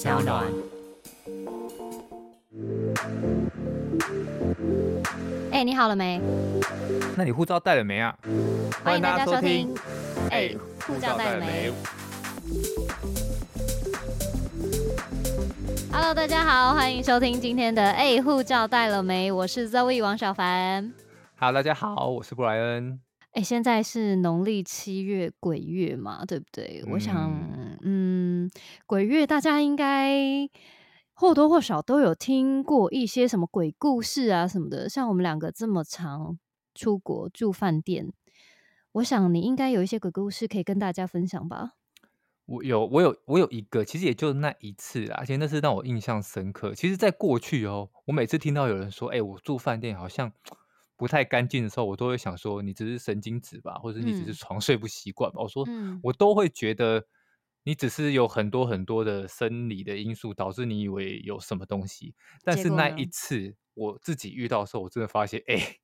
小暖，哎，你好了沒？那你護照帶了沒啊？歡迎大家收聽，哎，護照帶了沒？Hello，大家好，歡迎收聽今天的哎，護照帶了沒？我是 Zoe 王小凡。Hello，大家好，我是布萊恩。哎，現在是農曆七月鬼月嘛，對不對？嗯，我想，嗯，鬼月大家應該或多或少都有聽過一些什麼鬼故事啊什麼的。像我們兩個這麼常出國住飯店，我想你應該有一些鬼故事可以跟大家分享吧？我有，我有，我有一個，其實也就那一次啊，而且那是讓我印象深刻。其實，在過去哦，我每次聽到有人說：“哎，我住飯店好像……”不太乾淨的時候，我都會想說，你只是神經質吧，或者你只是床睡不習慣吧。嗯。我說，我都會覺得你只是有很多很多的生理的因素導致你以為有什麼東西。但是那一次我自己遇到的時候，我真的發現，哎、欸，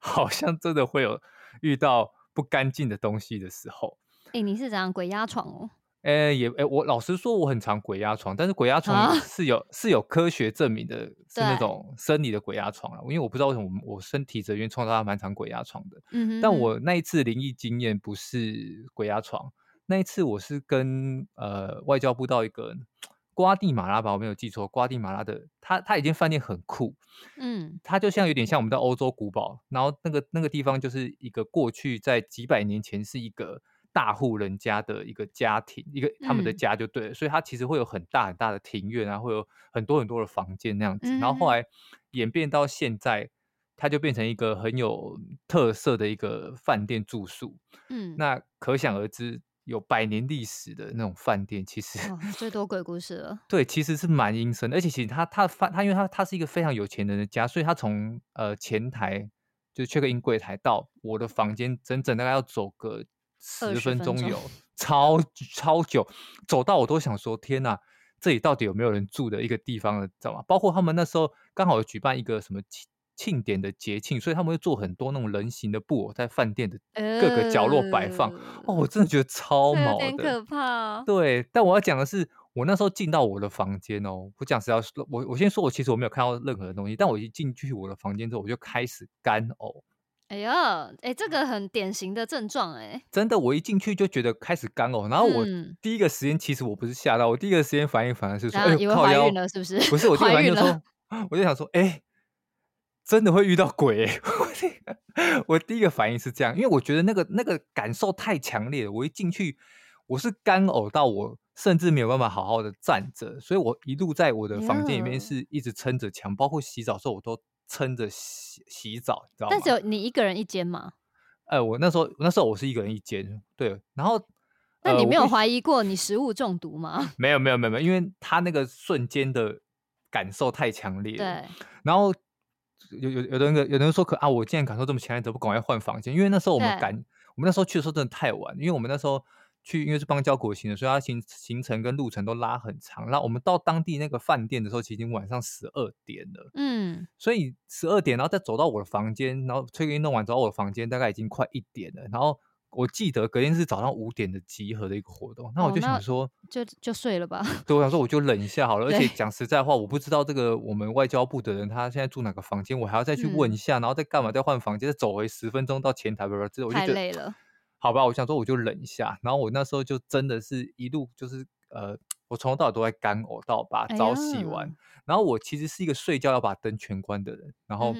好像真的會有遇到不乾淨的東西的時候。哎、欸，你是怎樣？鬼壓床哦。誒、欸，也誒、欸，我老實說，我很常鬼壓床，但是鬼壓床是有、哦、是有科學證明的，是那種生理的鬼壓床啦，因為我不知道為什麼我我身體這邊創造它蠻常鬼壓床的、嗯哼哼。但我那一次靈異經驗不是鬼壓床，那一次我是跟呃外交部到一個瓜地馬拉吧，我沒有記錯，瓜地馬拉的他他已經飯店很酷，嗯，它就像有點像我們在歐洲古堡，然後那個那個地方就是一個過去在幾百年前是一個。大戶人家的一個家庭，一個他們的家就對了，了、嗯，所以它其實會有很大很大的庭院、啊，然後會有很多很多的房間那樣子、嗯。然後後來演變到現在，它就變成一個很有特色的一個飯店住宿。嗯，那可想而知，有百年歷史的那種飯店，其實、哦、最多鬼故事了。 對，其實是蠻陰森，的，而且其實他他他因為他他是一個非常有錢人的家，所以他從呃前台就 check in 櫃台，台到我的房間，整整大概要走個。十分鐘有20分鐘超超久，走到我都想說天哪，這裡到底有沒有人住的一個地方了，你知道嗎？包括他們那時候剛好有舉辦一個什麼慶慶典的節慶，所以他們會做很多那種人形的布偶在飯店的各個角落擺放、呃。哦，我真的覺得超毛的，有點可怕。對，但我要講的是，我那時候進到我的房間哦，我講實話，我我先說我其實我沒有看到任何的東西，但我一進去我的房間之後，我就開始乾嘔。哎呦，哎、欸，這個很典型的症狀、欸，哎，真的，我一進去就覺得開始乾嘔，然後我第一個時間其實我不是嚇到，嗯、我第一個時間反應反而是說，哎、呦以為我懷孕了，是不是？不是，我第一個反應就是說，我就想說，哎、欸，真的會遇到鬼、欸？ 我第一個反應是這樣，因為我覺得那個那個感受太強烈了，我一進去，我是乾嘔到我甚至沒有辦法好好的站着，所以我一路在我的房間裡面是一直撐着牆，嗯、包括洗澡的時候我都。撐着洗洗澡，你知道嗎？但只有你一個人一間嗎？哎、呃，我那時候那時候我是一個人一間，對。然後，那你沒有懷疑過你食物中毒嗎？呃、沒有沒有沒有沒有，因為他那個瞬間的感受太強烈。對。然後有有有的人有的人說可啊，我既然感受這麼強烈，怎麼趕快換房間？因為那時候我們趕，我們那時候去的時候真的太晚，因為我們那時候。去，因為是邦交國行的，所以他行行程跟路程都拉很長。那我們到當地那個飯店的時候，其實已經晚上十二點了。嗯，所以十二點，然後再走到我的房間，然後崔更弄完，走到我的房間，大概已經快一點了。然後我記得隔天是早上五點的集合的一個活動，哦、那我就想說，就就睡了吧。對、嗯，我想說我就忍一下好了。而且講實在話，我不知道這個我們外交部的人他現在住哪個房間，我還要再去問一下，嗯、然後再幹嘛？再換房間，再走回十分鐘到前台，之後我就覺得太累了。好吧，我想說我就忍一下，然後我那時候就真的是一路就是呃，我從頭到尾都在乾嘔，到我把澡洗完，哎，然後我其實是一個睡覺要把燈全關的人，然後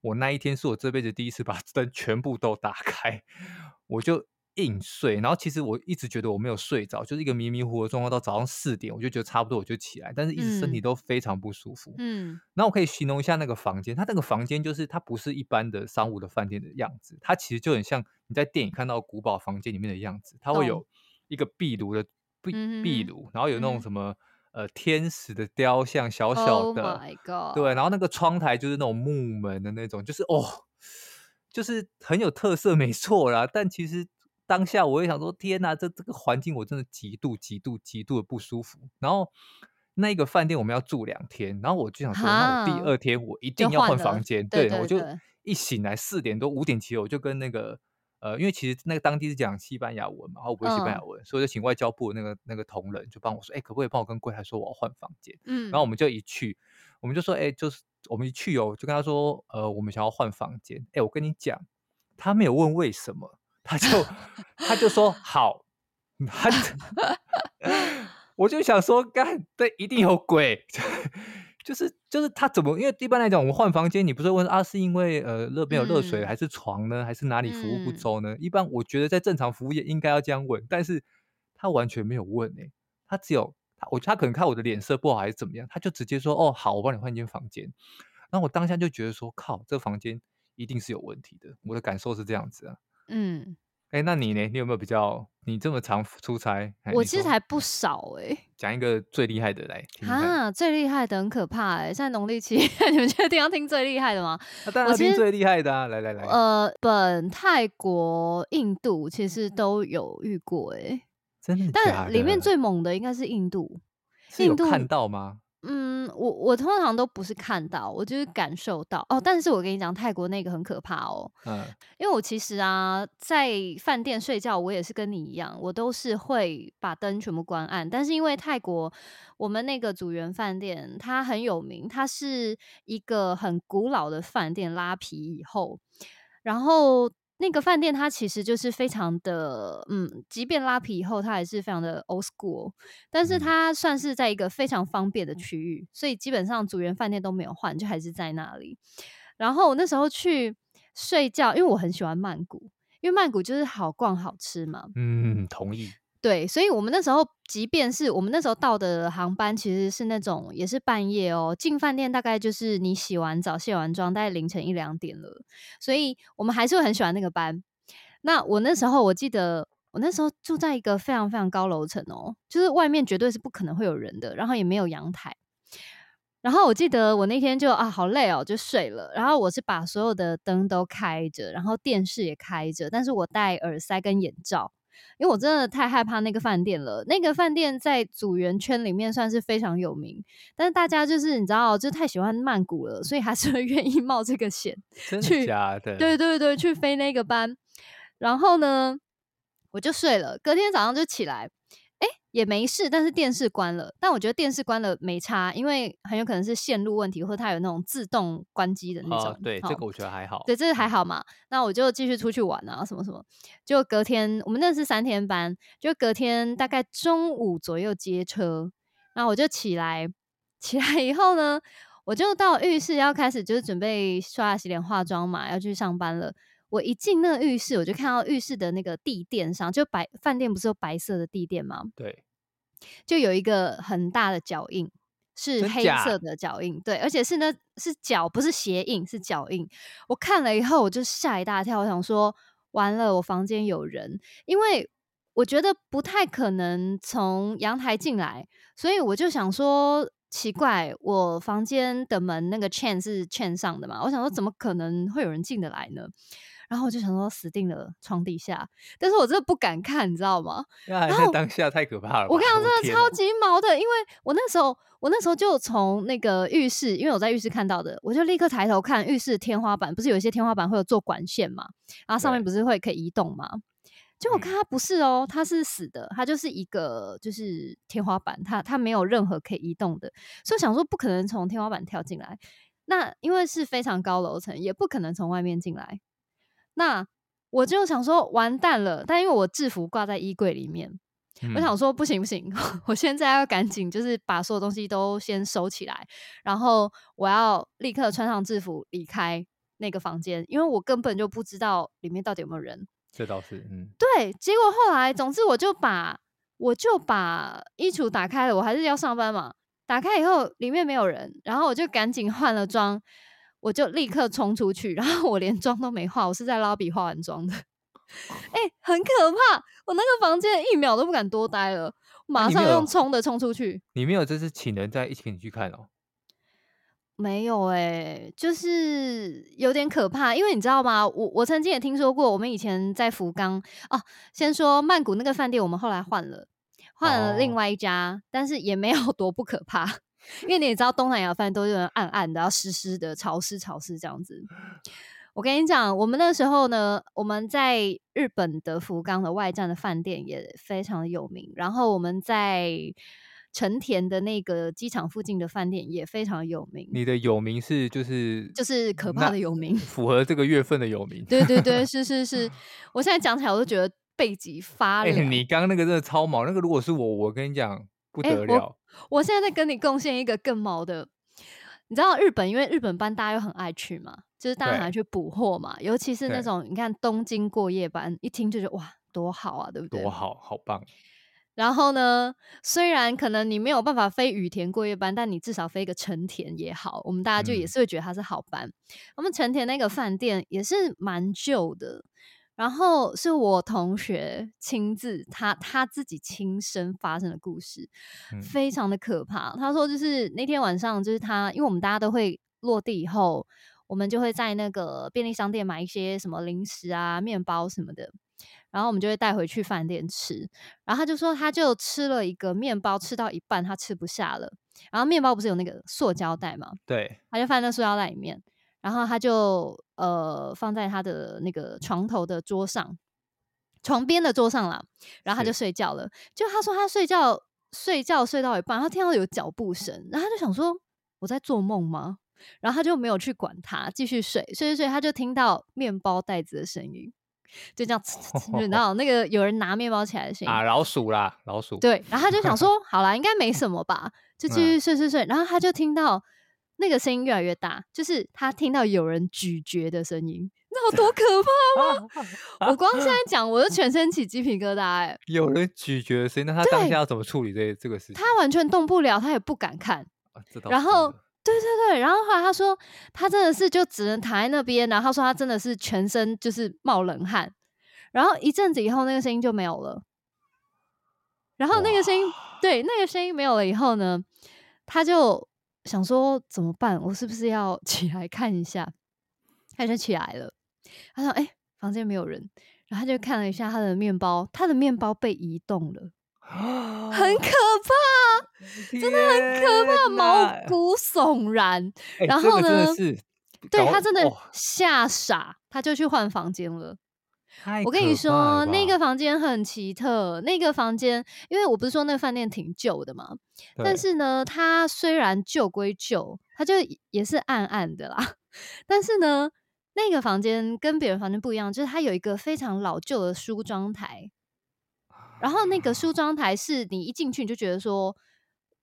我那一天是我這輩子第一次把燈全部都打開，我就。硬睡，然後其實我一直覺得我沒有睡着就是一個迷迷糊糊的狀況到早上四點，我就覺得差不多，我就起來，但是一直身體都非常不舒服。嗯，那、嗯、我可以形容一下那個房間，它那個房間就是它不是一般的商務的飯店的樣子，它其實就很像你在電影看到古堡房間裡面的樣子。它會有一個壁爐的壁、嗯、壁爐，然後有那種什麼、嗯、呃天使的雕像，小小的、Oh my God，對，然後那個窗台就是那種木門的那種，就是哦，就是很有特色，沒錯啦，但其實。當下我也想說，天哪、啊，這這個環境我真的極度極度極度的不舒服。然後那個飯店我們要住兩天，然後我就想說，那我第二天我一定要換房間。對，對，對，對，對，我就一醒來四點多五點起，我就跟那個呃，因為其實那個當地是講西班牙文嘛，我不會西班牙文，嗯、所以我就請外交部那個那個同仁就幫我說，哎、欸，可不可以幫我跟櫃台說我要換房間？嗯，然後我們就一去，我們就說，哎、欸，就是我們一去哦，就跟他說，呃，我們想要換房間。哎、欸，我跟你講，他沒有問為什麼。 他就他就說好，他就 我就想說幹，對，一定有鬼， 就是就是他怎麼？因為一般來講，我們換房間，你不是問啊？是因為呃，那邊有熱水還是床呢？還是哪裡服務不周呢？嗯、一般我覺得在正常服務業應該要這樣問，但是他完全沒有問誒、欸，他只有他，我他可能看我的臉色不好還是怎麼樣，他就直接說哦，好，我幫你換一間房間。那我當下就覺得說靠，這房間一定是有問題的，我的感受是這樣子啊。嗯，哎、欸，那你呢？你有沒有比較？你這麼常出差，我其實還不少哎、欸。講一個最厲害的來啊，啊！最厲害的，很可怕哎、欸！現在農曆七月，你們確定要聽最厲害的嗎？那、啊、當然，聽最厲害的啊！來來來，呃，本泰國、印度其實都有遇過哎、欸，真的，的？但裡面最猛的應該是印度，印度是有看到嗎？嗯，我我通常都不是看到，我就是感受到哦。但是我跟你講，泰國那個很可怕哦。嗯，因為我其實啊，在飯店睡覺，我也是跟你一樣，我都是會把燈全部關暗。但是因為泰國，我們那個祖源飯店它很有名，它是一個很古老的飯店，拉皮以後，然後。那個飯店它其實就是非常的，嗯，即便拉皮以後它還是非常的 old school，但是它算是在一個非常方便的區域，嗯，所以基本上組員飯店都沒有換，就還是在那裡。然後我那時候去睡覺，因為我很喜歡曼谷，因為曼谷就是好逛好吃嘛。嗯，同意。對，所以我們那時候，即便是我們那時候到的航班，其實是那種也是半夜哦，進飯店大概就是你洗完澡，卸完妝，大概凌晨一兩點了。所以我們還是會很喜歡那個班。那我那時候，我記得我那時候住在一個非常非常高樓層哦，就是外面絕對是不可能會有人的，然後也沒有陽台。然後我記得我那天就啊，好累哦，就睡了。然後我是把所有的燈都開着，然後電視也開着，但是我戴耳塞跟眼罩。因為我真的太害怕那個飯店了，那個飯店在組員圈裡面算是非常有名，但是大家就是你知道，就太喜歡曼谷了，所以還是會願意冒這個險，真的假的？去，對對對，去飛那個班，然後呢，我就睡了，隔天早上就起來。也沒事，但是電視關了。但我覺得電視關了沒差，因為很有可能是線路問題，或者它有那種自動關機的那種。哦，對，這個我覺得還好。對，這個還好嘛。那我就繼續出去玩啊，什麼什麼。就隔天，我們那是三天班，就隔天大概中午左右接車。然後我就起來，起來以後呢，我就到浴室要開始就是準備刷牙、洗臉、化妝嘛，要去上班了。我一進那個浴室，我就看到浴室的那個地墊上，就白飯店不是有白色的地墊嗎？對，就有一個很大的腳印，是黑色的腳印。對，而且是那是腳，不是鞋印，是腳印。我看了以後，我就嚇一大跳，我想說完了，我房間有人，因為我覺得不太可能從陽台進來，所以我就想說奇怪，我房間的門那個 chain 是 chain 上的嘛？我想說怎麼可能會有人進得來呢？然後我就想說死定了，床底下。但是我真的不敢看，你知道嗎？因為還當下太可怕了。我看到真的超級毛的， 因為我那時候，我那時候就從那個浴室，因為我在浴室看到的，我就立刻抬頭看浴室天花板，不是有一些天花板會有做管線嘛？然後上面不是會可以移動嗎？結果我看它不是哦，它是死的，它就是一個就是天花板，它它沒有任何可以移動的，所以我想說不可能從天花板跳進來。那因為是非常高樓層，也不可能從外面進來。那我就想說，完蛋了！但因為我制服掛在衣櫃裡面，嗯，我想說不行不行，我現在要趕緊就是把所有東西都先收起來，然後我要立刻穿上制服離開那個房間，因為我根本就不知道裡面到底有沒有人。這倒是，嗯，對。結果後來，總之我就把我就把衣櫥打開了，我還是要上班嘛。打開以後，裡面沒有人，然後我就趕緊換了裝。我就立刻衝出去，然後我連妝都沒化，我是在 lobby 化完妝的。哎、 欸，很可怕！我那個房間一秒都不敢多待了，馬上用衝的衝出去。啊、你沒有，沒有這次請人在一起你去看哦。沒有哎、欸，就是有點可怕，因為你知道嗎？我我曾經也聽說過，我們以前在福岡哦、啊，先說曼谷那個飯店，我們後來換了換了另外一家、哦，但是也沒有多不可怕。因為你也知道，東南亞飯都是暗暗的，然後濕濕的，潮濕潮濕這樣子。我跟你講，我們那時候呢，我們在日本的福岡的外站的飯店也非常有名，然後我們在成田的那個機場附近的飯店也非常有名。你的有名是就是就是可怕的有名，符合這個月份的有名。 對，對對對，是是是。我現在講起來我都覺得背脊發涼。欸，你剛剛那個真的超毛，那個如果是我，我跟你講不得了。欸我現在在跟你貢獻一個更毛的。你知道日本，因為日本班大家又很愛去嘛，就是大家還去補貨嘛，尤其是那種你看東京過夜班，一聽就覺得哇，多好啊，對不對？多好，好棒。然後呢，雖然可能你沒有辦法飛羽田過夜班，但你至少飛一個成田也好，我們大家就也是會覺得它是好班。我們、嗯、成田那個飯店也是蠻舊的。然後是我同學親自他，他他自己親身發生的故事，嗯、非常的可怕。他說，就是那天晚上，就是他，因為我們大家都會落地以後，我們就會在那個便利商店買一些什麼零食啊、麵包什麼的，然後我們就會帶回去飯店吃。然後他就說，他就吃了一個麵包，吃到一半他吃不下了。然後麵包不是有那個塑膠袋嗎？對，他就放在塑膠袋裡面。然後他就呃放在他的那個床頭的桌上，床邊的桌上啦。然後他就睡覺了。就他說他睡覺睡覺睡到一半，他聽到有腳步聲，然後他就想說，我在做夢嗎？然後他就沒有去管他，繼續睡睡睡睡。他就聽到麵包袋子的聲音，就這樣，然後那個有人拿麵包起來的聲音啊，老鼠啦，老鼠。對，然後他就想說 好啦，應該沒什麼吧，就繼續睡睡睡。嗯啊、然後他就聽到。那個聲音越來越大，就是他聽到有人咀嚼的聲音，那有多可怕嗎？ 我光現在講，我就全身起雞皮疙瘩、欸。哎，有人咀嚼聲音，那他當下要怎麼處理這這個事情？他完全動不了，他也不敢看。啊、然後，對對對，然後後來他說，他真的是就只能躺在那邊，然後他說他真的是全身就是冒冷汗。然後一陣子以後，那個聲音就沒有了。然後那個聲音，對，那個聲音沒有了以後呢，他就。想說怎麼辦？我是不是要起來看一下？他就起來了。他說：“哎、欸，房間沒有人。”然後他就看了一下他的麵包，他的麵包被移動了，哦、很可怕，真的很可怕，毛骨悚然。欸、然後呢，這個、是對他真的嚇傻、哦，他就去換房間了。我跟你說，那個房間很奇特。那個房間，因為我不是說那個飯店挺舊的嘛，但是呢，它雖然舊歸舊，它就也是暗暗的啦。但是呢，那個房間跟別人房間不一樣，就是它有一個非常老舊的梳妝臺。然後那個梳妝臺是你一進去你就覺得說，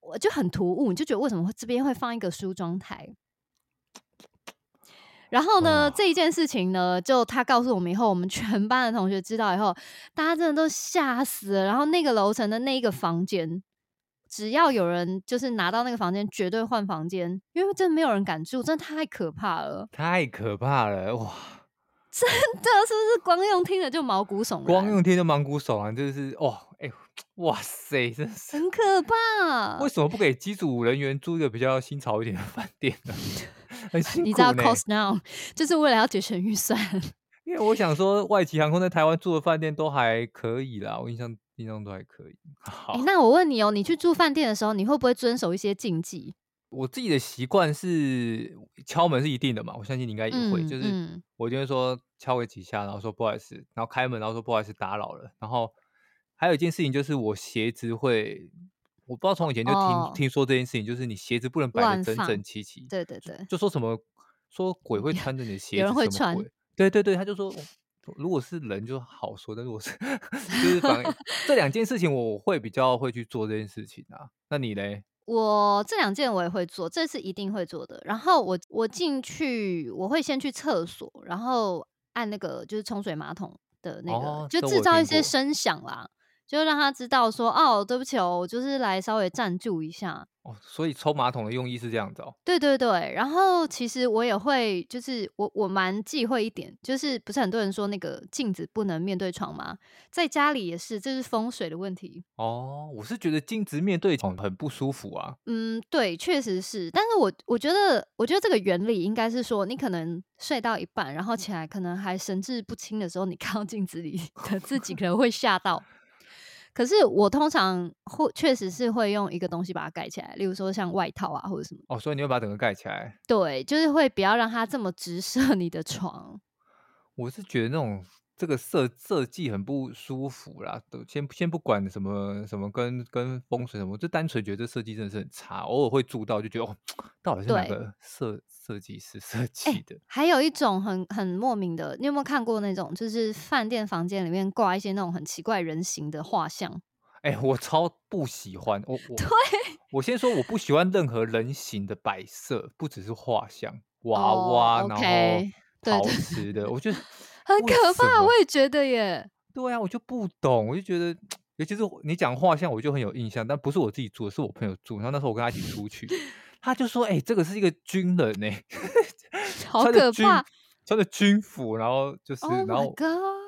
我就很突兀，你就覺得為什麼會這邊會放一個梳妝臺？然後呢、哦，這一件事情呢，就他告訴我們以後，我們全班的同學知道以後，大家真的都嚇死了。然後那個樓層的那一個房間，只要有人就是拿到那個房間，絕對換房間，因為真的沒有人敢住，真的太可怕了，太可怕了，哇！真的是不是光用聽的就毛骨悚然，光用聽就毛骨悚然，啊，就是哦。哎，欸，哇塞，真是很可怕啊。為什麼不給機組人員租一個比較新潮一點的飯店呢？ 你知道 cost now 就是為了要節省預算。因為我想說，外籍航空在台灣住的飯店都還可以啦，我印象印象都還可以。那我問你哦，你去住飯店的時候，你會不會遵守一些禁忌？我自己的習慣是敲門是一定的嘛，我相信你應該也會，就是我就會說敲個幾下，然後說不好意思，然後開門，然後說不好意思打擾了。然後還有一件事情就是我鞋子會。我不知道從以前就聽、oh, 聽說這件事情，就是你鞋子不能擺得整整齊齊。對對對，就，就說什麼說鬼會穿着你的鞋子， 有人會穿。對對對，他就說如果是人就好說，但如果是我是就是反正 這兩件事情我會比較會去做這件事情啊。那你嘞？我這兩件我也會做，這是一定會做的。然後我我進去，我會先去廁所，然後按那個就是沖水馬桶的那個，oh, 就制造一些聲響啦。就讓他知道說哦，對不起哦，我就是來稍微贊助一下哦。所以抽馬桶的用意是這樣子哦。對對對，然後其實我也會，就是我我蠻忌諱一點，就是不是很多人說那個鏡子不能面對床嗎？在家裡也是，這是風水的問題哦。我是覺得鏡子面對床很不舒服啊。嗯，對，確實是。但是我我覺得，我覺得這個原理應該是說，你可能睡到一半，然後起來可能還神志不清的時候，你看到鏡子裡的自己可能會嚇到。 可是我通常會確實是會用一個東西把它蓋起來，例如說像外套啊或者什麼。哦，所以你會把它整個蓋起來？對，就是會不要讓它這麼直射你的床。我是覺得那種。這個設設計很不舒服啦，都先先不管什麼什麼跟跟風水什麼，就單純覺得這設計真的是很差。偶爾會住到就覺得哦，到底是哪個設設計師設計的，欸。還有一種很很莫名的，你有沒有看過那種就是飯店房間裡面掛一些那種很奇怪人形的畫像？哎、欸，我超不喜歡。我我對 我先說我不喜歡任何人形的擺設，不只是畫像，娃娃，oh, okay. 然後陶瓷的，對對我覺得。很可怕，我也覺得耶。對啊，我就不懂，我就覺得，尤其是你講話，像我就很有印象，但不是我自己住的，是我朋友住。然後那時候我跟他一起出去， 他就說：“哎、欸，這個是一個軍人哎、欸， 好可怕，穿着軍服，然後就是，oh、然後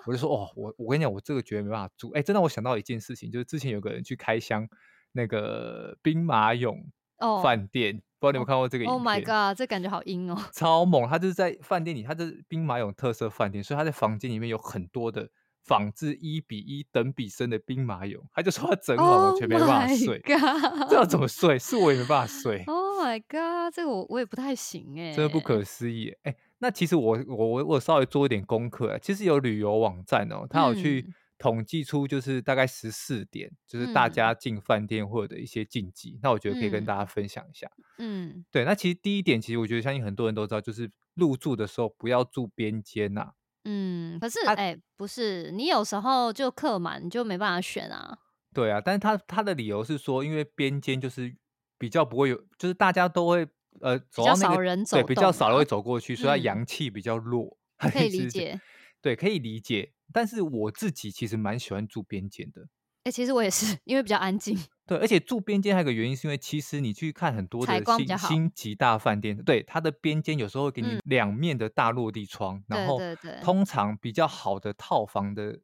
我就說：哦，我我跟你講，我這個絕對沒辦法住。哎、欸，真的，我想到一件事情，就是之前有個人去開箱那個兵馬俑飯店。Oh. ”不知道你有沒有看過這個影片？Oh my god，這感覺好陰哦！超猛，他就是在飯店裡，他這是兵馬俑特色飯店，所以他在房間裡面有很多的仿制一比一等比生的兵馬俑。他就說他整晚完全沒辦法睡、Oh my god，這要怎麼睡？是我也沒辦法睡。Oh my god，這個我我也不太行哎、欸，真的不可思議哎、欸欸。那其實我我我稍微做一點功課，其實有旅遊網站哦、喔，他有去。嗯統計出，就是大概十四點，就是大家進飯店或者一些禁忌，嗯。那我覺得可以跟大家分享一下嗯。嗯，對。那其實第一點，其實我覺得相信很多人都知道，就是入住的時候不要住邊間吶。嗯，可是哎、啊欸，不是，你有時候就客滿，你就沒辦法選啊。對啊，但是他他的理由是說，因為邊間就是比較不會有，就是大家都會呃走、那個，比較少人走，對，比較少人會走過去，所以他陽氣比較弱。嗯、 可以理解。 對，可以理解。但是我自己其實蠻喜歡住邊間的，哎、欸，其實我也是，因為比較安靜。對，而且住邊間還有個原因，是因為其實你去看很多的星星級大飯店，對，它的邊間有時候會給你兩面的大落地窗，嗯，然後通常比較好的套房的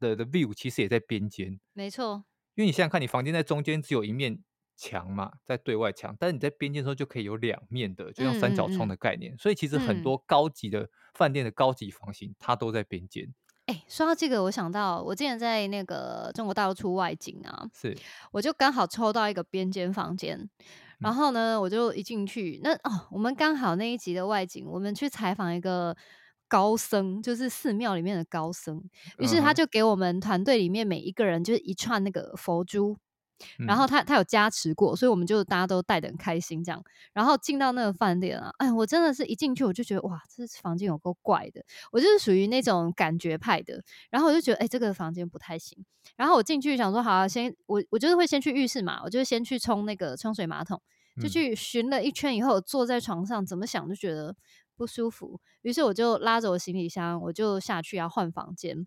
的的 view 其實也在邊間，沒錯。因為你想想看，你房間在中間只有一面牆嘛，在對外牆，但是你在邊間的時候就可以有兩面的，就像三角窗的概念嗯嗯嗯。所以其實很多高級的飯店的高級房型，嗯、它都在邊間。哎、欸，說到這個，我想到我之前在那個中國大陸出外景啊，是，我就剛好抽到一個邊間房間，嗯，然後呢，我就一進去，那哦，我們剛好那一集的外景，我們去採訪一個高僧，就是寺廟裡面的高僧，於是他就給我們團隊裡面每一個人，就是一串那個佛珠。然後他他有加持過，所以我們就大家都帶得很開心這樣。然後進到那個飯店啊，哎，我真的是一進去我就覺得哇，這房間有夠怪的。我就是屬於那種感覺派的，然後我就覺得哎，這個房間不太行。然後我進去想說，好啊，先我我就是會先去浴室嘛，我就先去沖那個沖水馬桶，就去巡了一圈以後，坐在床上怎麼想就覺得不舒服，於是我就拉着我行李箱，我就下去要換房間。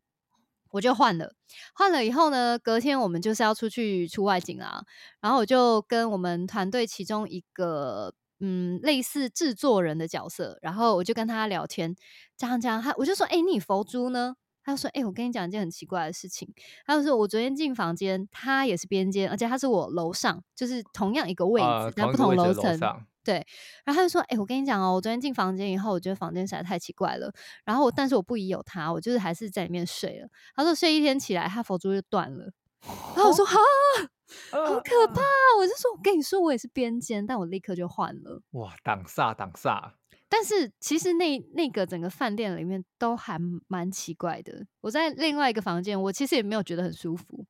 我就換了，換了以後呢，隔天我們就是要出去出外景啊，然後我就跟我們團隊其中一個，嗯，類似製作人的角色，然後我就跟他聊天，這樣這樣，他我就說，哎、欸，你佛珠呢？他就說，哎、欸，我跟你講一件很奇怪的事情，他就說，我昨天進房間，他也是邊間，而且他是我樓上，就是同樣一個位置，呃、在不同樓層。對，然後他就說：“哎、欸，我跟你講哦，我昨天進房間以後，我覺得房間實在太奇怪了。然後我，但是我不疑有他，我就是還是在裡面睡了。他說睡一天起來，他佛珠就斷了。然後我說：哈、哦啊啊，好可怕、啊啊！我就說：我跟你說，我也是邊間，但我立刻就換了。哇，擋煞擋煞！但是其實那那個整個飯店裡面都還蠻奇怪的。我在另外一個房間，我其實也沒有覺得很舒服，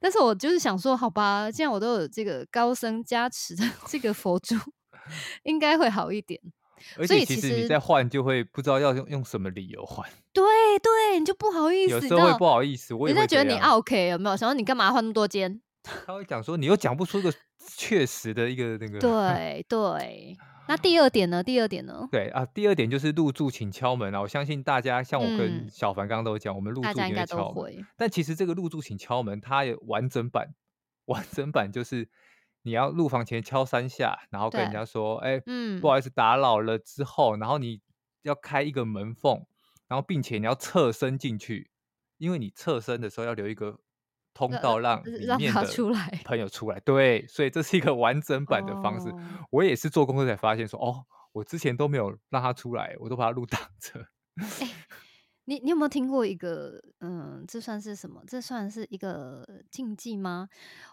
但是我就是想說，好吧，既然我都有這個高僧加持的這個佛珠。 ” 應該會好一點，而且其實你在換，就會不知道要用用什麼理由換。對對，你就不好意思，有時候會不好意思。我也會在覺得你 OK 有沒有？想到你幹嘛換那麼多間？他會講說你又講不出一個確實的一個那個 對。對對，那第二點呢？第二點呢？對啊，第二點就是入住請敲門啊。我相信大家，像我跟小凡剛剛都講、嗯，我們入住應該都，都會。但其實這個入住請敲門，它有完整版，完整版就是。你要入房前敲三下，然後跟人家說：“哎、欸，不好意思打擾了。”之後、嗯，然後你要開一個門縫，然後並且你要側身進去，因為你側身的時候要留一個通道讓你的朋友出來、出來。對，所以這是一個完整版的方式。哦、我也是做功課才發現說，哦，我之前都沒有讓他出來，我都把他路擋着。 欸你你有沒有聽過一個嗯，這算是什麼？這算是一個禁忌嗎？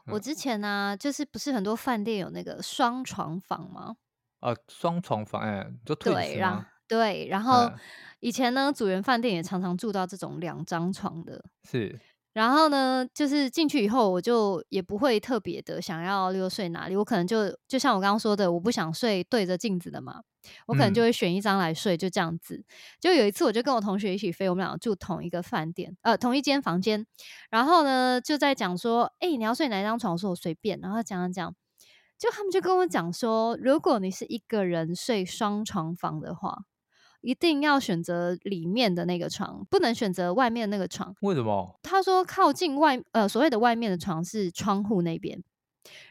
嗯、我之前呢、啊，就是不是很多飯店有那個雙床房嗎？啊，雙床房，哎、欸，就對，然對，然後、嗯、以前呢，主人飯店也常常住到這種兩張床的。是。然後呢，就是進去以後，我就也不會特別的想要溜睡哪裡，我可能就就像我剛剛說的，我不想睡對着鏡子的嘛。我可能就會選一張來睡，嗯，就這樣子。就有一次，我就跟我同學一起飛，我們兩個住同一個飯店，呃，同一間房間。然後呢，就在講說，誒、欸，你要睡哪一張床？我說我隨便。然後講講，就他們就跟我講說，如果你是一個人睡雙床房的話，一定要選擇裡面的那個床，不能選擇外面的那個床。為什麼？他說靠近外，呃，所謂的外面的床是窗戶那邊。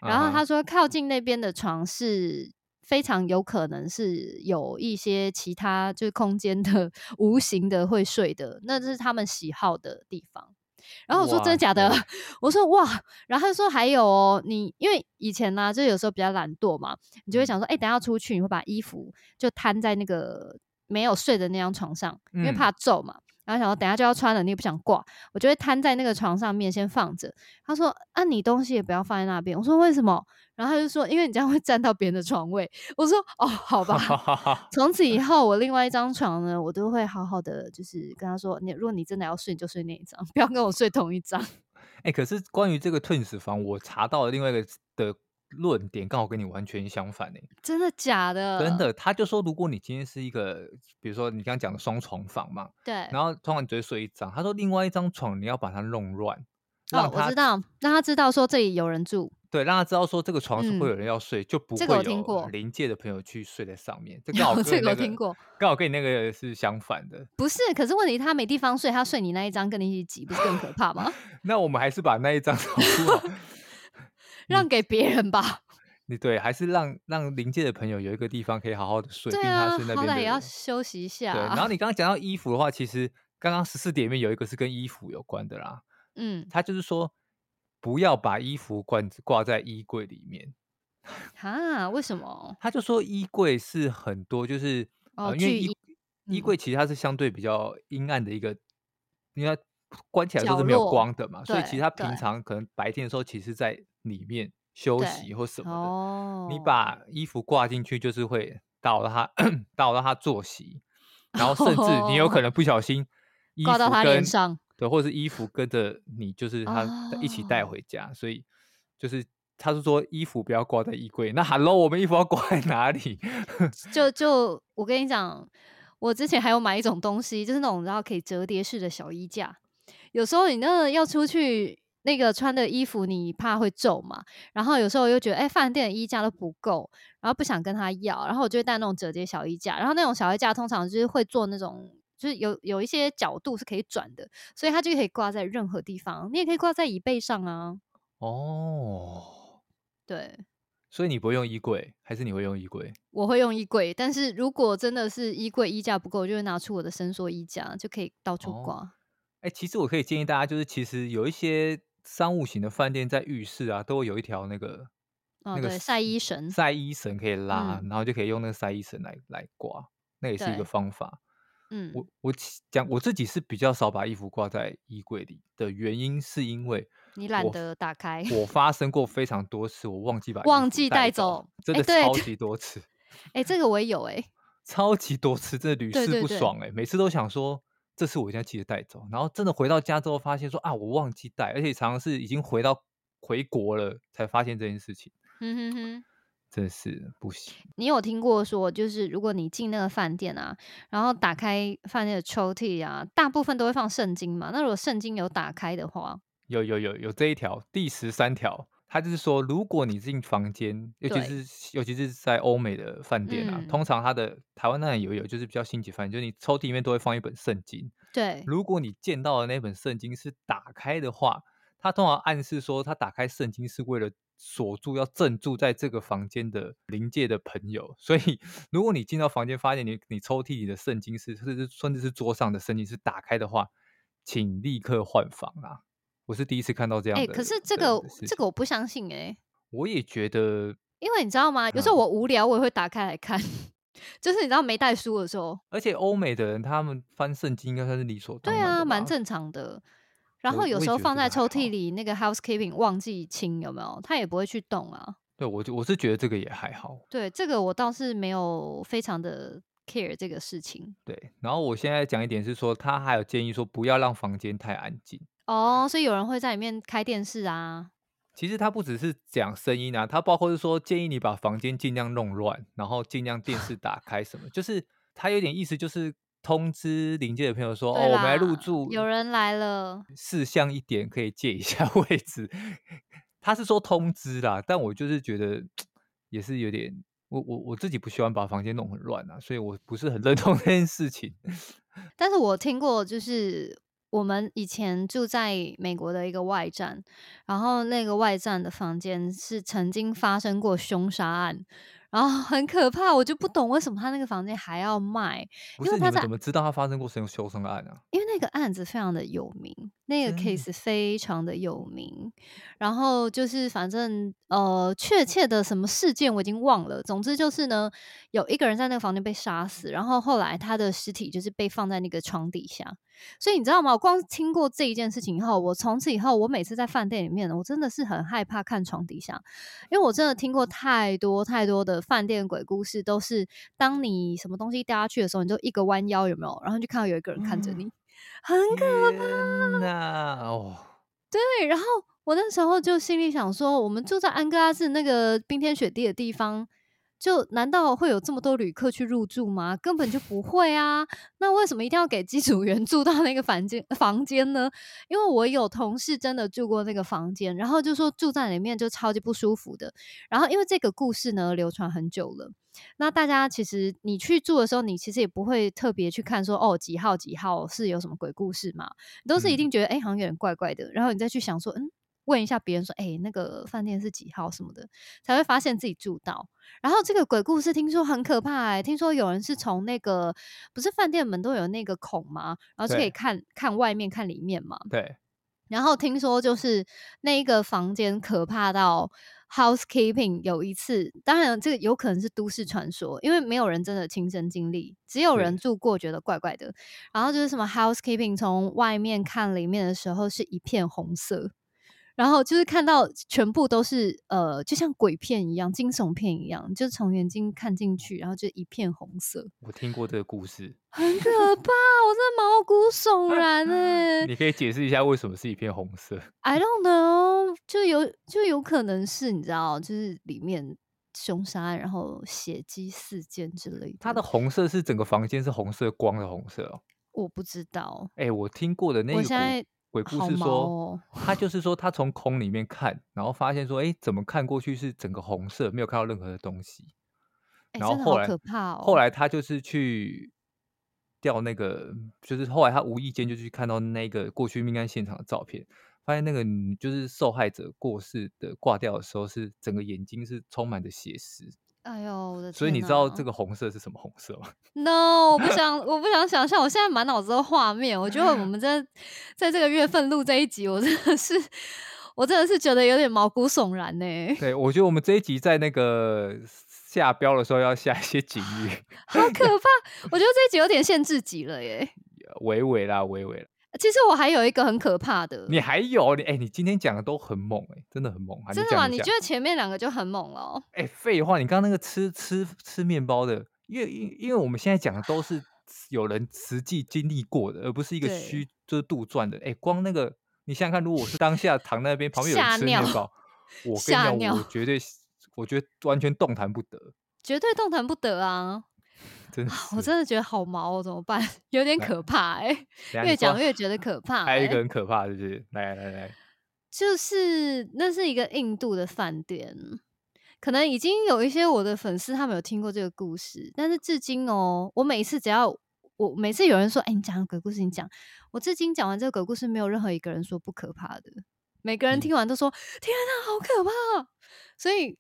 然後他說靠近那邊的床是。非常有可能是有一些其他就是空間的無形的會睡的，那這是他們喜好的地方。然後我說真的假的？我說哇，然後他說還有哦，你因為以前呢、啊、就有時候比較懶惰嘛，你就會想說，哎、欸，等下出去你會把衣服就攤在那個沒有睡的那張床上，因為怕皺嘛。嗯然後想說等下就要穿了，你也不想掛，我就會攤在那個床上面先放着。他說：“啊，你東西也不要放在那邊。”我說：“為什麼？”然後他就說：“因為你這樣會占到別人的床位。”我說：“哦，好吧。 ”從此以後，我另外一張床呢，我都會好好的，就是跟他說：“你如果你真的要睡，你就睡那一張，不要跟我睡同一張。欸”哎，可是關於這個 Twins 房，我查到了另外一個的。論點剛好跟你完全相反呢、欸，真的假的？真的，他就說，如果你今天是一個，比如說你剛剛講的雙床房嘛，對，然後通常你只睡一張，他說另外一張床你要把它弄亂、哦，我不知道，讓他知道說這裡有人住，對，讓他知道說這個床是會有人要睡，嗯、就不會有靈界的朋友去睡在上面。這個我聽過，剛好、那個、 好跟你那個是相反的，不是？可是問題他沒地方睡，他睡你那一張跟你一起擠，不是更可怕嗎？ 那我們還是把那一張好 讓給別人吧，你、嗯、對，還是讓讓靈界的朋友有一個地方可以好好的睡。對啊，他睡那邊，好歹也要休息一下。對，然後你剛剛講到衣服的話，其實剛剛十四點裡面有一個是跟衣服有關的啦。嗯，他就是說不要把衣服掛掛在衣櫃裡面。啊？為什麼？他就說衣櫃是很多，就是哦、呃，因為衣、嗯、衣櫃其實它是相對比較陰暗的一個，因為它關起來都是沒有光的嘛，所以其實它平常可能白天的時候其實在。裡面休息或什麼的，哦、你把衣服掛進去，就是會倒到他倒到他坐席，然後甚至你有可能不小心衣服跟掛到他臉上。對，或者是衣服跟着你,就是他一起帶回家、哦。所以就是他是說衣服不要掛在衣櫃。那 hello，我們衣服要掛在哪裡？ 就就我跟你講，我之前還有買一種東西，就是那種然後可以折疊式的小衣架。有時候你那個要出去。那個穿的衣服你怕會皺嘛？然後有時候我又覺得，哎，飯店的衣架都不夠，然後不想跟他要，然後我就會帶那種折疊小衣架。然後那種小衣架通常就是會做那種，就是有有一些角度是可以轉的，所以它就可以掛在任何地方。你也可以掛在椅背上啊。哦、oh.，對。所以你不用衣櫃，還是你會用衣櫃？我會用衣櫃，但是如果真的是衣櫃衣架不夠，我就會拿出我的伸縮衣架，就可以到處掛。哎、oh. 欸，其實我可以建議大家，就是其實有一些。商務型的飯店在浴室啊，都會有一條那個、哦、那個曬衣繩，曬衣繩可以拉、嗯，然後就可以用那個曬衣繩來來掛，那也是一個方法。嗯，我我講我自己是比較少把衣服掛在衣櫃裡的原因，是因為你懶得打開我。我發生過非常多次，我忘記把忘記帶走，真的超級多次。哎、欸 欸，這個我也有哎、欸，超級多次，真的屢試不爽哎、欸，每次都想說。這次我現在記得帶走，然後真的回到家之後發現說啊，我忘記帶，而且常常是已經回到回國了才發現這件事情。嗯哼哼，真是不行。你有聽過說，就是如果你進那個飯店啊，然後打開飯店的抽屜啊，大部分都會放聖經嘛？那如果聖經有打開的話，有有有有這一條第十三條。他就是說，如果你進房間，尤其是尤其是在歐美的飯店啊、嗯，通常他的台灣那裡也有，有，就是比較星級飯店，就是你抽屜裡面都會放一本聖經。對，如果你見到的那本聖經是打開的話，他通常暗示說，他打開聖經是為了鎖住要鎮住在這個房間的靈界的朋友。所以，如果你進到房間發現你你抽屜裡的聖經是，甚至甚至是桌上的聖經是打開的話，請立刻換房啊。我是第一次看到這樣的。欸、可是這個這，這個我不相信哎、欸。我也覺得，因為你知道嗎？啊、有時候我無聊，我也會打開來看。 就是你知道沒帶書的時候。而且歐美的人，他們翻聖經應該算是理所當然，對啊，蠻正常的。然後有時候放在抽屜裡，那個 housekeeping 忘記清有沒有？他也不會去動啊。對，我我是覺得這個也還好。對，這個我倒是沒有非常的 care 這個事情。對，然後我現在講一點是說，他還有建議說不要讓房間太安靜。哦、oh，所以有人會在裡面開電視啊？其實他不只是講聲音啊，他包括是說建議你把房間盡量弄亂，然後盡量電視打開什麼， 就是他有點意思，就是通知靈界的朋友說：“哦，我們來入住，有人來了，四項一點可以借一下位置。 ”他是說通知啦，但我就是覺得也是有點，我我我自己不喜歡把房間弄很亂啊，所以我不是很認同這件事情。 但是我聽過就是。我們以前住在美國的一個外站，然後那個外站的房間是曾經發生過兇殺案，然後很可怕，我就不懂為什麼他那個房間還要賣。因為他在，不是，你們怎麼知道他發生過什麼兇殺案呢、啊？因為那個案子非常的有名，那個 case 非常的有名。然後就是反正呃，確切的什麼事件我已經忘了。總之就是呢，有一個人在那個房間被殺死，然後後來他的屍體就是被放在那個床底下。所以你知道嗎？我光聽過這一件事情以後，我從此以後，我每次在飯店裡面，我真的是很害怕看床底下，因為我真的聽過太多太多的飯店鬼故事，都是當你什麼東西掉下去的時候，你就一個彎腰，有沒有？然後就看到有一個人看着你、嗯，很可怕。那、啊哦、對。然後我那時候就心裡想說，我們住在安哥拉是那個冰天雪地的地方。就難道會有這麼多旅客去入住嗎？根本就不會啊！那為什麼一定要給機組員住到那個房間房間呢？因為我有同事真的住過那個房間，然後就說住在裡面就超級不舒服的。然後因為這個故事呢流傳很久了，那大家其實你去住的時候，你其實也不會特別去看說哦幾號幾號是有什麼鬼故事嘛，都是一定覺得誒、嗯欸，好像有點怪怪的，然後你再去想說嗯。問一下別人說，哎、欸，那個飯店是幾號什麼的，才會發現自己住到。然後這個鬼故事聽說很可怕、欸，哎，聽說有人是從那個不是飯店門都有那個孔嗎？然後就可以看看外面看裡面嘛。對。然後聽說就是那一個房間可怕到 housekeeping 有一次，當然這個有可能是都市傳說，因為沒有人真的親身經歷，只有人住過覺得怪怪的。然後就是什麼 housekeeping 從外面看裡面的時候是一片紅色。然後就是看到全部都是呃，就像鬼片一樣、驚悚片一樣，就是從眼睛看進去，然後就一片紅色。我聽過這個故事，很可怕， 我真毛骨悚然哎、啊。你可以解釋一下為什麼是一片紅色？I don't know，就有就有可能是，你知道，就是裡面凶殺，然後血跡四濺之類的。它的紅色是整個房間是紅色光的紅色哦。我不知道。哎、欸，我聽過的那我鬼故事說，哦、他就是說，他從孔裡面看，然後發現說，哎、欸，怎麼看過去是整個紅色，沒有看到任何的東西。欸、然後後來，可怕、哦。後來他就是去調那個，就是後來他無意間就去看到那個過去命案現場的照片，發現那個就是受害者過世的掛掉的時候是，是整個眼睛是充滿著血絲。哎呦，我的天！所以你知道這個紅色是什麼紅色嗎？No，我不想，我不想想象，我現在滿腦子的畫面。 我覺得我們在在這個月份錄這一集，我真的是，我真的是覺得有點毛骨悚然呢。對，我覺得我們這一集在那個下標的時候要下一些警語，好可怕。 我覺得這一集有點限制級了耶。微微啦，微微啦。其實我還有一個很可怕的。你還有你哎、欸，你今天講的都很猛哎、欸，真的很猛，啊。真的嗎？你講一講。你覺得前面兩個就很猛了。哎、欸，廢話，你剛剛那個吃吃吃麵包的，因為因為我們現在講的都是有人實際經歷過的，而不是一個虛就是杜撰的。哎、欸，光那個你想想看，如果我是當下躺那邊旁邊有人吃麵包， 嚇我嚇尿，我絕對，我覺得完全動彈不得，絕對動彈不得啊。真的、啊，我真的覺得好毛、哦，怎麼辦？有點可怕、欸，哎，越講越覺得可怕、欸欸。還有一個很可怕是是，就是來來來，就是那是一個印度的飯店，可能已經有一些我的粉絲他們有聽過這個故事，但是至今哦，我每次只要我每次有人說，哎、欸，你講鬼故事，你講，我至今講完這個鬼故事，沒有任何一個人說不可怕的，每個人聽完都說，嗯、天哪、啊，好可怕！所以。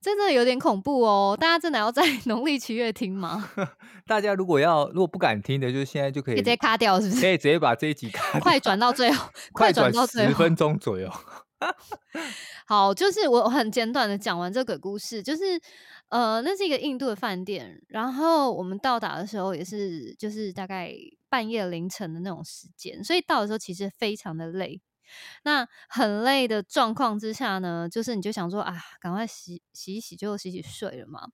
真的有點恐怖哦！大家真的要在農曆七月聽嗎？大家如果要，如果不敢聽的，就是現在就可以，可以直接卡掉，是不是？可以直接把這一集卡掉， 快轉到最後， 快轉到十分鐘左右。 好，就是我很簡短的講完這個故事，就是呃，那是一個印度的飯店，然後我們到達的時候也是，就是大概半夜凌晨的那種時間，所以到的時候其實非常的累。那很累的狀況之下呢，就是你就想說啊，趕快洗洗一洗就洗洗睡了嘛。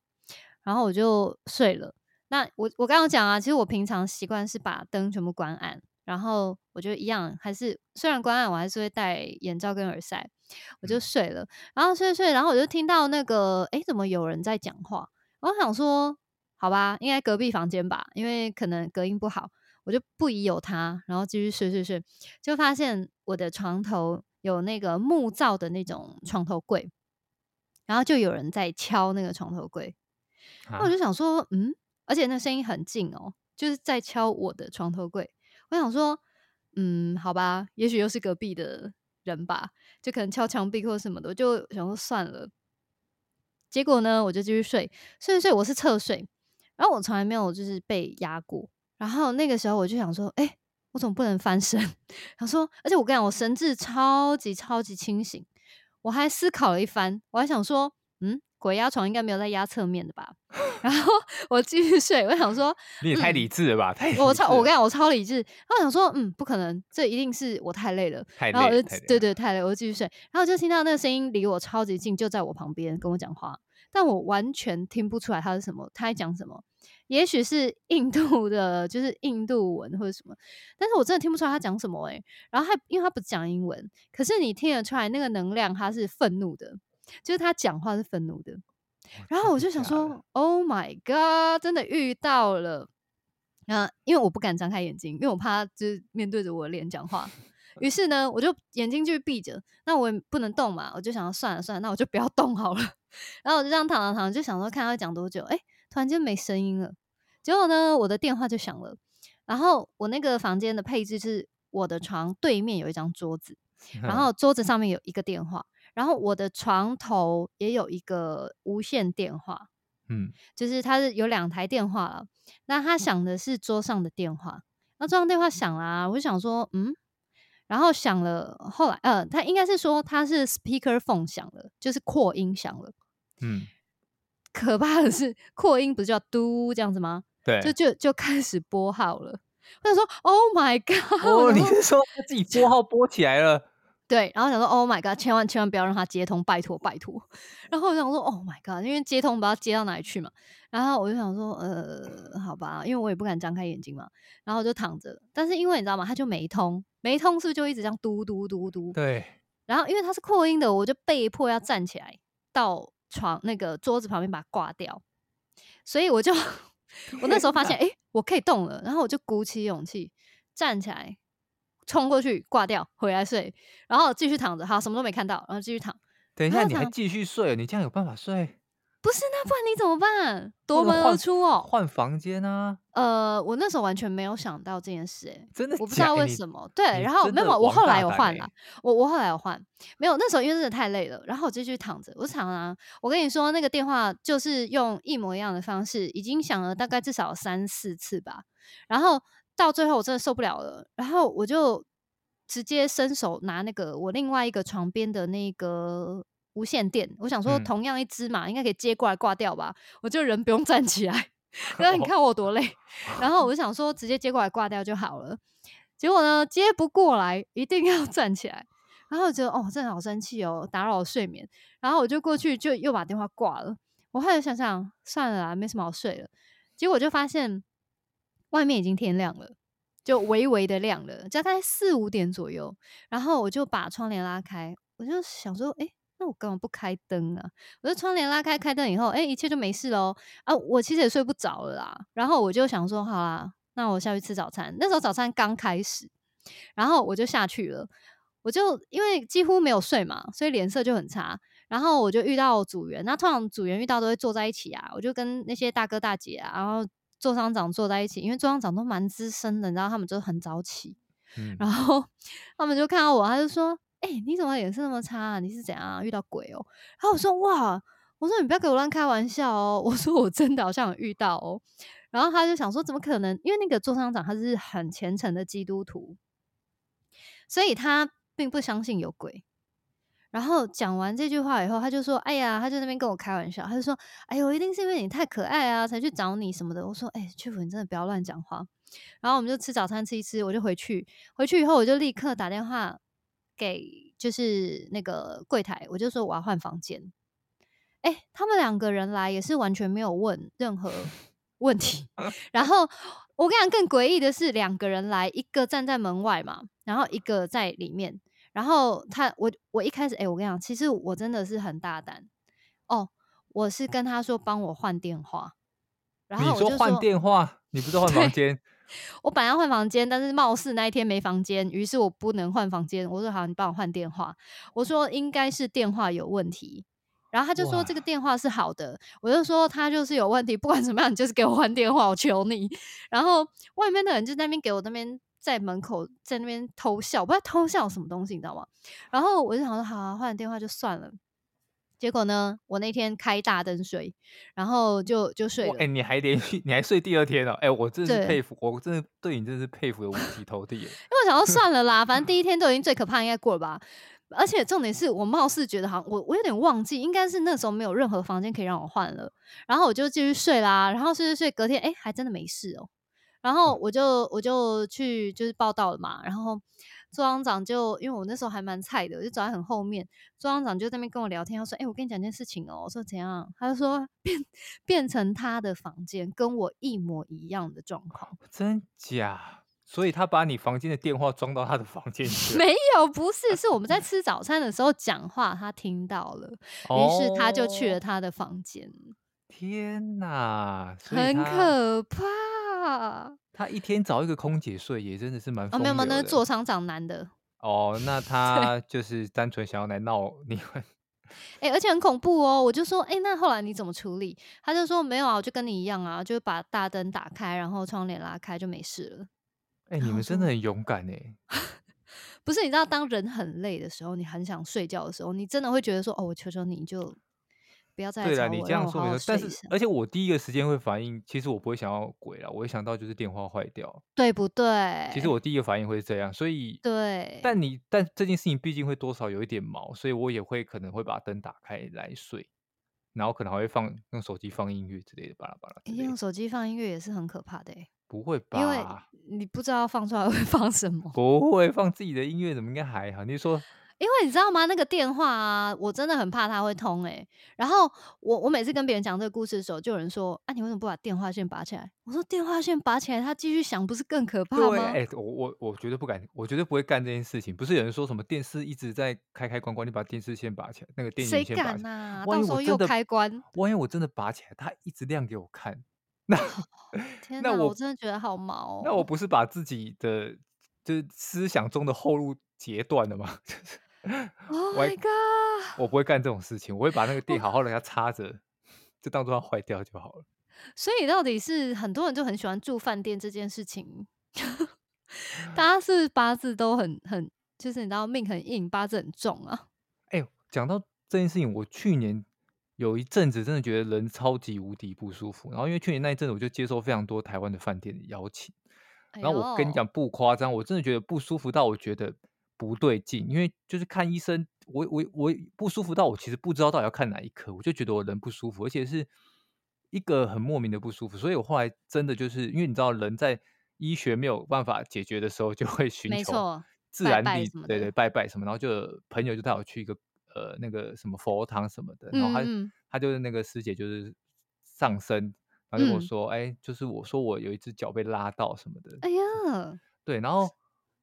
然後我就睡了。那我我剛剛講啊，其實我平常習慣是把燈全部關暗，然後我就一樣，還是雖然關暗，我還是會戴眼罩跟耳塞，我就睡了。然後睡睡，然後我就聽到那個，誒，怎麼有人在講話？我想說，好吧，應該隔壁房間吧，因為可能隔音不好。我就不疑有他，然後繼續睡睡睡，就發現我的床頭有那個木造的那種床頭櫃，然後就有人在敲那個床頭櫃，啊，那我就想說，嗯，而且那聲音很近哦，就是在敲我的床頭櫃。我想說，嗯，好吧，也許又是隔壁的人吧，就可能敲牆壁或者什麼的。我就想說算了，結果呢，我就繼續睡睡睡，我是側睡，然後我從來沒有就是被壓過。然後那個時候我就想說，誒、欸、我怎麼不能翻身？想說，而且我跟你講我神智超級超級清醒，我還思考了一番，我還想說，嗯，鬼壓床應該沒有在壓側面的吧？ 然後我繼續睡，我想說、嗯，你也太理智了吧？太我超我，我跟你講，我超理智。然後我想說，嗯，不可能，這一定是我太累了。太累了，然後我就太累了對，對對，太累了，我就繼續睡。然後就聽到那個聲音離我超級近，就在我旁邊跟我講話，但我完全聽不出來他是什麼，他在講什麼。也許是印度的，就是印度文或者什麼但是我真的聽不出來他講什麼誒、欸，然後他，因為他不講英文，可是你聽得出來那個能量他是憤怒的，就是他講話是憤怒的。What、然後我就想說、God.，Oh my God，真的遇到了。那因為我不敢張開眼睛，因為我怕他就是面對着我的臉講話。於 是呢，我就眼睛就是閉着，那我也不能動嘛，我就想要算了算了，那我就不要動好了。 然後我就這樣躺著躺著，就想說看他講多久誒。欸突然間沒聲音了，結果呢，我的電話就響了。然後我那個房間的配置是，我的床對面有一張桌子，然後桌子上面有一個電話，然後我的床頭也有一個無線電話，嗯，就是它是有兩台電話了。那他響的是桌上的電話，那桌上電話響啦，我就想說，嗯，然後響了，後來，呃，他應該是說他是 speakerphone 響了，就是擴音響了，嗯。可怕的是擴音不是叫嘟這樣子嗎？對，就就就開始撥號了。Oh God, oh, 我想說，Oh my God！哦，你是說自己撥號撥起來了？對，然後想說，Oh my God！千萬千萬不要讓他接通，拜托拜托。 然後我就想說，Oh my God！因為接通不知道接到哪裡去嘛？然後我就想說，呃，好吧，因為我也不敢張開眼睛嘛。然後我就躺着，但是因為你知道嗎？他就沒通，沒通是不是就一直這樣嘟嘟嘟嘟嘟。對。然後因為他是擴音的，我就被迫要站起來。到。床那個桌子旁邊把它掛掉，所以我就我那時候發現哎、欸、我可以動了，然後我就鼓起勇氣站起來，衝過去掛掉，回來睡，然後繼續躺着，好，什麼都沒看到，然後繼續躺。等一下你還繼續睡，你這樣有辦法睡？不是，那不然你怎麼辦？奪門而出哦、喔，換房間啊。呃，我那時候完全沒有想到這件事、欸，哎，真的，的，我不知道為什麼。對，然後沒有，我後來有換了，我我後來有換，沒有。那時候因為真的太累了，然後我就去躺着。我常常、啊，我跟你說，那個電話就是用一模一樣的方式，已經響了大概至少三四次吧。然後到最後我真的受不了了，然後我就直接伸手拿那個我另外一個床邊的那個。無線電，我想說，同樣一支嘛，嗯、應該可以接過來掛掉吧？我就人不用站起來，那 你看我多累。 然後我就想說，直接接過來掛掉就好了。結果呢，接不過來，一定要站起來。然後我覺得，哦，真的好生氣哦，打擾我睡眠。然後我就過去，就又把電話掛了。我後來想想，算了啊，沒什麼好睡了。結果就發現，外面已經天亮了，就微微的亮了，就大概四五點左右。然後我就把窗簾拉開，我就想說，誒、欸……那我幹嘛不開燈啊？我說窗簾拉開，開燈以後，哎、欸，一切就沒事嘍、喔。啊，我其實也睡不着了啦。然後我就想說，好啦，那我下去吃早餐。那時候早餐剛開始，然後我就下去了。我就因為幾乎沒有睡嘛，所以臉色就很差。然後我就遇到組員，那通常組員遇到都會坐在一起啊。我就跟那些大哥大姐啊，然後座艙長坐在一起，因為座艙長都蠻資深的，你知道他們就很早起。嗯、然後他們就看到我，他就說。哎、欸，你怎麼臉色那麼差、啊？你是怎樣、啊、遇到鬼哦？然後我說：哇，我說你不要給我亂開玩笑哦！我說我真的好像有遇到哦。然後他就想說：怎麼可能？因為那個座艙長他是很虔誠的基督徒，所以他並不相信有鬼。然後講完這句話以後，他就說：哎呀，他就那邊跟我開玩笑，他就說：哎呦，我一定是因為你太可愛啊，才去找你什麼的。我說：哎，去，福，你真的不要亂講話。然後我們就吃早餐，吃一吃，我就回去。回去以後，我就立刻打電話。給就是那個櫃檯，我就說我要換房間。哎，他們兩個人來也是完全沒有問任何問題。然後我跟你講，更詭異的是，兩個人來，一個站在門外嘛，然後一個在裡面。然後他，我我一開始，哎，我跟你講，其實我真的是很大膽哦。我是跟他說幫我換電話，然後我說你說換電話，你不是換房間。 我本來要換房間，但是貌似那一天沒房間，於是我不能換房間。我說好，你幫我換電話。我說應該是電話有問題，然後他就說這個電話是好的，我就說他就是有問題。不管怎麼樣，你就是給我換電話，我求你。然後外面的人就在那邊給我那邊在門口在那邊偷笑，我不知道偷笑什麼東西，你知道嗎？然後我就想說好啊，換電話就算了。結果呢？我那天開大燈睡，然後就就睡了、欸、你還得你還睡第二天哦。哎、欸，我真是佩服，我真的對你真是佩服的五體投地。因為我想說算了啦， 反正第一天都已經最可怕應該過了吧。而且重點是我貌似覺得，好像我我有點忘記，應該是那時候沒有任何房間可以讓我換了。然後我就繼續睡啦。然後睡睡睡，隔天哎、欸，還真的沒事哦。然後我就我就去就是報到了嘛。然後。莊長就因為我那時候還蠻菜的，我就走在很後面。莊長就在那邊跟我聊天，他說：“哎、欸，我跟你講件事情哦、喔。”我說：“怎樣？”他就說：“變變成他的房間跟我一模一樣的狀況，真假？所以他把你房間的電話裝到他的房間去？ 沒有，不是，是我們在吃早餐的時候講話，他聽到了，於、哦、是他就去了他的房間。天哪，很可怕。”啊！他一天找一個空姐睡，也真的是蠻……啊、哦，沒有沒有，那是座艙長男的哦，Oh, 那他就是單純想要來鬧你們，哎 、欸，而且很恐怖哦。我就說，哎、欸，那後來你怎麼處理？他就說沒有啊，我就跟你一樣啊，就把大燈打開，然後窗簾拉開，就沒事了。哎、欸，你們真的很勇敢哎！ 不是，你知道，當人很累的時候，你很想睡覺的時候，你真的會覺得說，哦，我求求你，就。不要再。對啦，你這樣說沒錯，但是，而且我第一個時間會反應，其實我不會想要鬼了，我一想到就是電話壞掉，對不對？其實我第一個反應會是這樣，所以對。但你但這件事情畢竟會多少有一點毛，所以我也會可能會把燈打開來睡，然後可能還會放用手機放音樂之類的巴拉巴拉。用手機放音樂也是很可怕的。欸，不會吧？因為你不知道放出來會放什麼。 不會，放自己的音樂，怎麼應該還好？你說。因為你知道嗎？那個電話，啊，我真的很怕它會通哎、欸。然後我我每次跟別人講這個故事的時候，就有人說：“啊，你為什麼不把電話線拔起來？”我說：“電話線拔起來，它繼續響，不是更可怕嗎？”哎、欸，我我我絕對不敢，我絕對不會幹這件事情。不是有人說什麼電視一直在開開關關，你把電視線拔起來，那個電視誰敢啊？到時候又開關。萬一我真的，我真的拔起來，它一直亮給我看，那天哪 那我，我真的覺得好毛，喔。那我不是把自己的就是思想中的後路截斷了嗎？ o、oh、我，我不會幹這種事情，我會把那個地好好人家擦着，oh、my... 就當做它壞掉就好了。所以到底是很多人就很喜歡住飯店這件事情， 大家是，是八字都很很，就是你知道命很硬，八字很重啊。哎、欸，講到這件事情，我去年有一陣子真的覺得人超級無敵不舒服。然後因為去年那一陣子，我就接受非常多台灣的飯店的邀請。然後我跟你講不誇張，哎、我真的覺得不舒服到我覺得。不對勁，因為就是看醫生，我我我不舒服到我其實不知道到底要看哪一科，我就覺得我人不舒服，而且是一個很莫名的不舒服，所以我後來真的就是因為你知道人在醫學沒有辦法解決的時候，就會尋求自然力，拜拜對，對對，拜拜什麼，然後就朋友就帶我去一個呃那個什麼佛堂什麼的，然後他、嗯、他就是那個師姐就是上身，然後跟我說哎、嗯欸，就是我說我有一只腳被拉到什麼的，哎呀，對，然後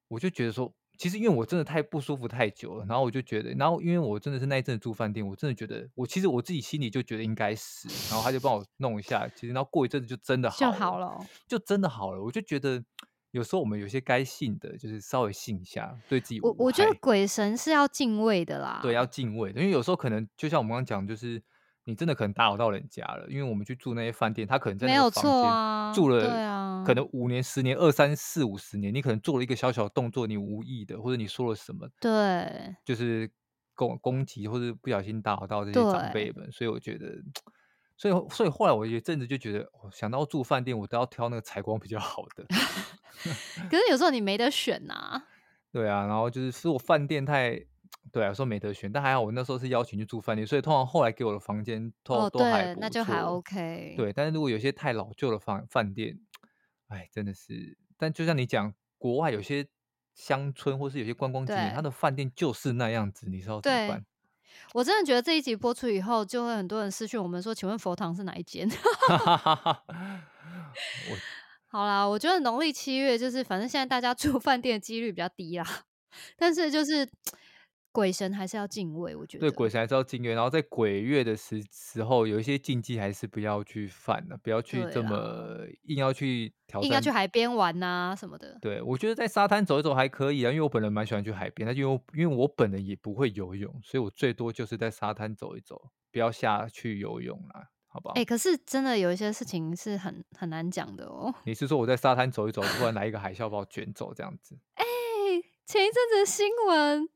我就覺得說。其實因為我真的太不舒服太久了，然後我就覺得，然後因為我真的是那一陣住飯店，我真的覺得我其實我自己心裡就覺得應該是，然後他就幫我弄一下，其實然後過一陣子就真的好了就好了，就真的好了。我就覺得有時候我們有些該信的，就是稍微信一下，對自己我我覺得鬼神是要敬畏的啦，對，要敬畏的，因為有時候可能就像我們剛剛講，就是。你真的可能打擾到人家了，因為我們去住那些飯店，他可能在那個房間住了，可能五年、啊啊、十年、二三四五十年，你可能做了一個小小動作，你無意的，或者你說了什麼，對，就是攻攻擊或者不小心打擾到這些長輩們，所以我覺得，所以所以後來我有一陣子就覺得，想到住飯店，我都要挑那個採光比較好的。 可是有時候你沒得選吶、啊。對啊，然後就是是我飯店太。對啊，我說沒得選，但還好我那時候是邀請去住飯店，所以通常後來給我的房間，通都還哦，對，那就還 OK。對，但是如果有些太老舊的飯飯店，哎，真的是，但就像你講，國外有些鄉村或是有些觀光景景，它的飯店就是那樣子，你知道怎麼辦，對？我真的覺得這一集播出以後，就會很多人私訊我們說，請問佛堂是哪一間？哈哈哈哈哈。好啦，我覺得農曆七月就是，反正現在大家住飯店的幾率比較低啦，但是就是。鬼神還是要敬畏，我覺得。對，鬼神還是要敬畏，然後在鬼月的時時候，有一些禁忌還是不要去犯了，不要去這麼硬要去挑戰。應該去海邊玩啊什麼的。對，我覺得在沙灘走一走還可以啊，因為我本人蠻喜歡去海邊，但因為我，因為我本人也不會游泳，所以我最多就是在沙灘走一走，不要下去游泳了，好不好？哎、欸，可是真的有一些事情是很很難講的哦。你是說我在沙灘走一走，突然來一個海嘯把我捲走這樣子？ 欸前一陣子的新聞，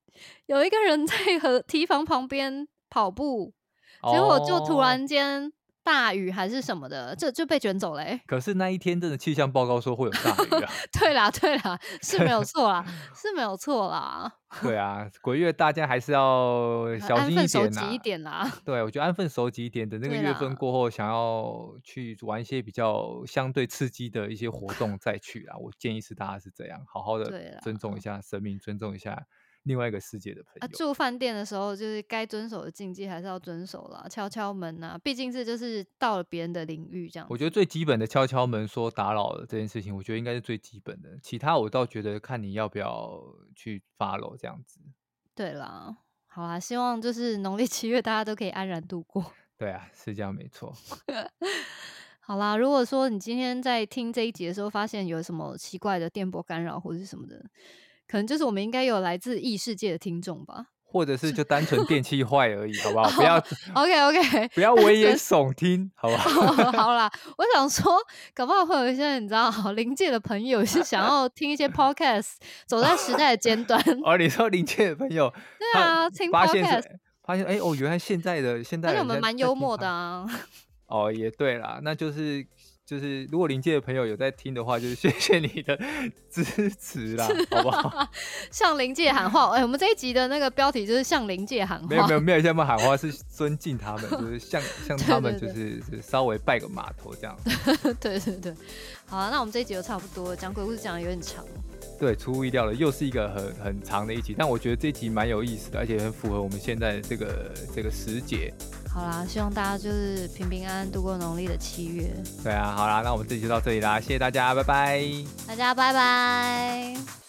有一個人在河堤防旁邊跑步，結果就突然間、oh.。大雨還是什麼的，就就被捲走了，欸。可是那一天真的氣象報告說會有大雨啊。 對啦，對啦，是沒有錯啦， 是沒有錯啦。對啊，鬼月大家還是要小心一點啊。安分守己一點啦。對，我覺得安分守己一點，等那個月份過後，想要去玩一些比較相對刺激的一些活動再去啊。我建議是大家是這樣，好好的尊重一下生命，尊重一下。另外一個世界的朋友啊，住飯店的時候，就是該遵守的禁忌還是要遵守啦，敲敲門吶、啊，畢竟這就是到了別人的領域這樣。我覺得最基本的敲敲門說打擾了這件事情，我覺得應該是最基本的。其他我倒覺得看你要不要去 follow 這樣子。對啦，好啦，希望就是農曆七月大家都可以安然度過。對啊，是這樣沒錯。 好啦，如果說你今天在聽這一集的時候，發現有什麼奇怪的電波干擾或者是什麼的。可能就是我們應該有來自異世界的聽眾吧，或者是就單純電器壞而已 好好、oh, okay, okay.，好不好？不要，OK OK，不要危言聳聽，好不好？好啦， 我想說，搞不好會有一些你知道靈界的朋友是想要聽一些 Podcast， 走在時代的尖端。 哦，你說靈界的朋友， 對啊，聽 Podcast 發現哎、欸，哦，原來現在的現在，在我們蠻幽默的啊，啊。哦，也對啦，那就是。就是如果靈界的朋友有在聽的話，就是謝謝你的支持啦，啊、好不好？向靈界喊話，哎、 欸，我們這一集的那個標題就是向靈界喊話。沒有沒有沒有向他們喊話， 是尊敬他們，就是向向他們、就是對對對，就是稍微拜個碼頭這樣。對對對，好、啊，那我們這一集就差不多了，講鬼故事講得有點長。對，出乎意料的，又是一個很很長的一集，但我覺得這集蠻有意思的，而且很符合我們現在的這個這個時節。好啦，希望大家就是平平安安度過農曆的七月。對啊，好啦，那我們這集就到這裡啦，謝謝大家，拜拜。大家拜拜。